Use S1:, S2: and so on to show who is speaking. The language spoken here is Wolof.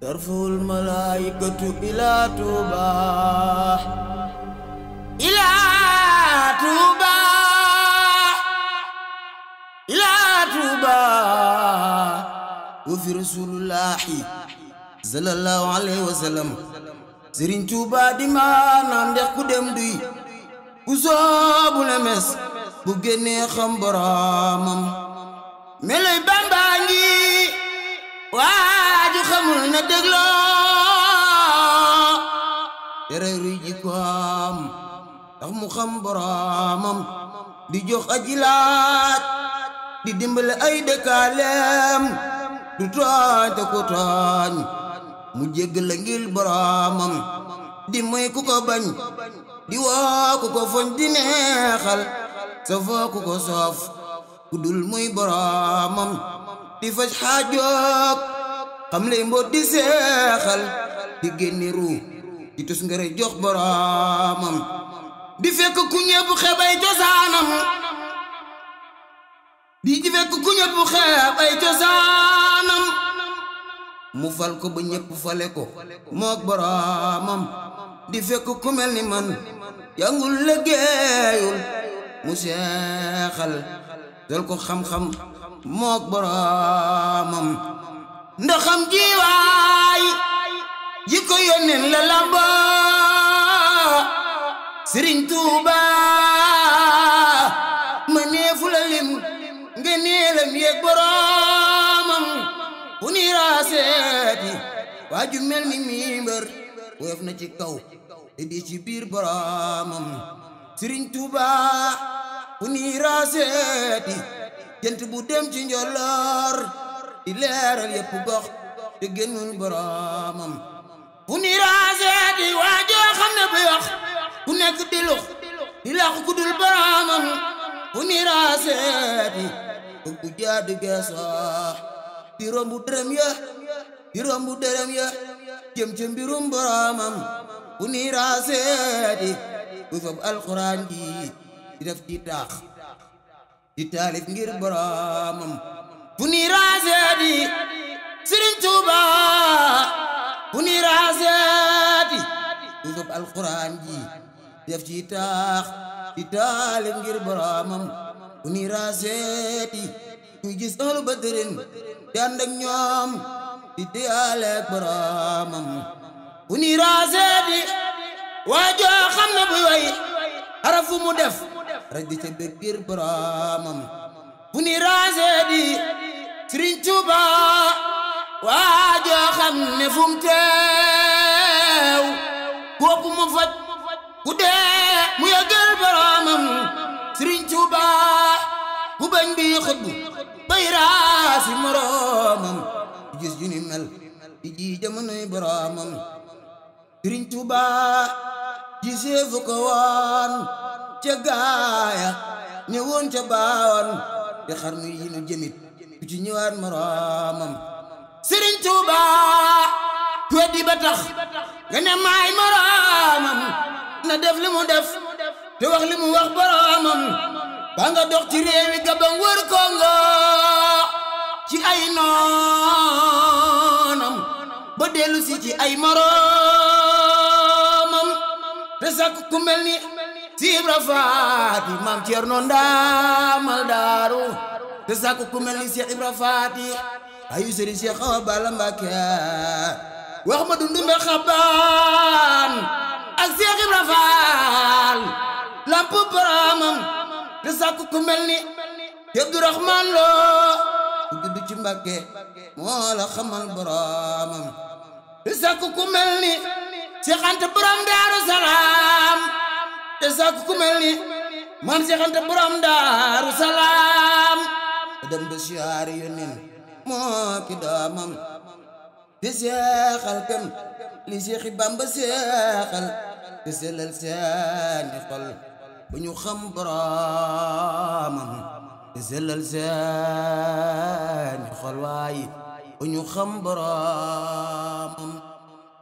S1: ترفع الملائكة إلى توبة إلى توبة إلى توبة وفي رسول الله صلى الله عليه وسلم Sëriñ Tuuba di maanaam ndex ku dem duy ku soobu ne mes bu génnee xam boroomam melooy Bamba na dégloo tereeru jikkoom ndax mu xam boroomam di jox aji laaj di dimbale ay dëkkaaleem du tooñ ku tooñ mu jégg la ngir boroomam di moy ku ko bañ di woo ku ko foñ di neexal safoo ku ko soof ku dul muy di faj xaajook xam lay mboot di seexal di génni ruu di tus ngëre jox boroomam di fekk ku ñëpp xeebay cosaanam mu fal ko ba ñëpp fale ko mook boroomam di fekk ku mel ni man yangul liggéeyul mu seexal dal ko xam-xam mook boroomam ndoxam jiwaay ji ko yónneen la lamba sëriñ tuuba ma neefu la nga neelam yeeg boroomam bu ni raaseeti waa ju mel ni mimbar woyof na ci kaw te di ci biir boroomam sëriñ tuuba bu ni raaseeti jant bu dem ci njollo di leeral yépp gox te génnul boroomam fu ni raase di waajoo xam ne bu ku nekk di di lax ku dul boroomam fu ni raase di bëgg bu jaadu geesoo di rombu dërëm ya di rombu dërëm ya jëm ca mbirum boroomam fu ni raase di bu fab alxuraan ji di def ci taax di taalif ngir boroomam bu ni raaseeti Sëriñ Tuuba bu ni raaseeti du sob alquraan ji def ci taax di taale ngir boroomam bu ni raaseeti ñu gis ëlu badrin di ànd ñoom di diyaale ak boroomam bu ni raaseeti waajoo xam na buy way xarafu mu def rek di ca bëggir
S2: bu ni raase di
S1: Sëriñ Tuuba waajoo xam ne fu teew kopp mu faj ku dee mu yëgal boroomam Sëriñ Tuuba bu bañ bi bay raasi moroomam di gis ju ni mel di ji jamonoy ca gaaya ne woon ca baawoon di xarnu yi nu jëmit du ci ñëwaat moroomam sëriñ tuuba weddi ba tax nga ne maay moroomam na def li mu def te wax li mu wax boroomam ba nga dox ci réewi gabam wër kongo ci ay noonam ba dellu ci ay moroomam te sàkk ku mel ni siibra faati maam Ceerno ndaamal daaru te sàkku ku mel ni Seex Ibra faati ayu sëriñ Seex Awa Balla Mbàkke wax ma dundumbe xabaan ak Seex Ibra Faal lamp baraamam te sàkku ku mel ni Abdurahmaan Lo juddu ci Mbàkke moo la xamal baraamam te sàkku ku mel ni Seex Anta borom Daaru Salaam te sàkk ku mel ni maam seexante borom daaru salaam dem ba siyaar yónneen moo ki doomam te seexal kam li seexi bamba seexal te sellal seeni xol bu ñu xam boromam te sellal seeni xol waaye ñu xam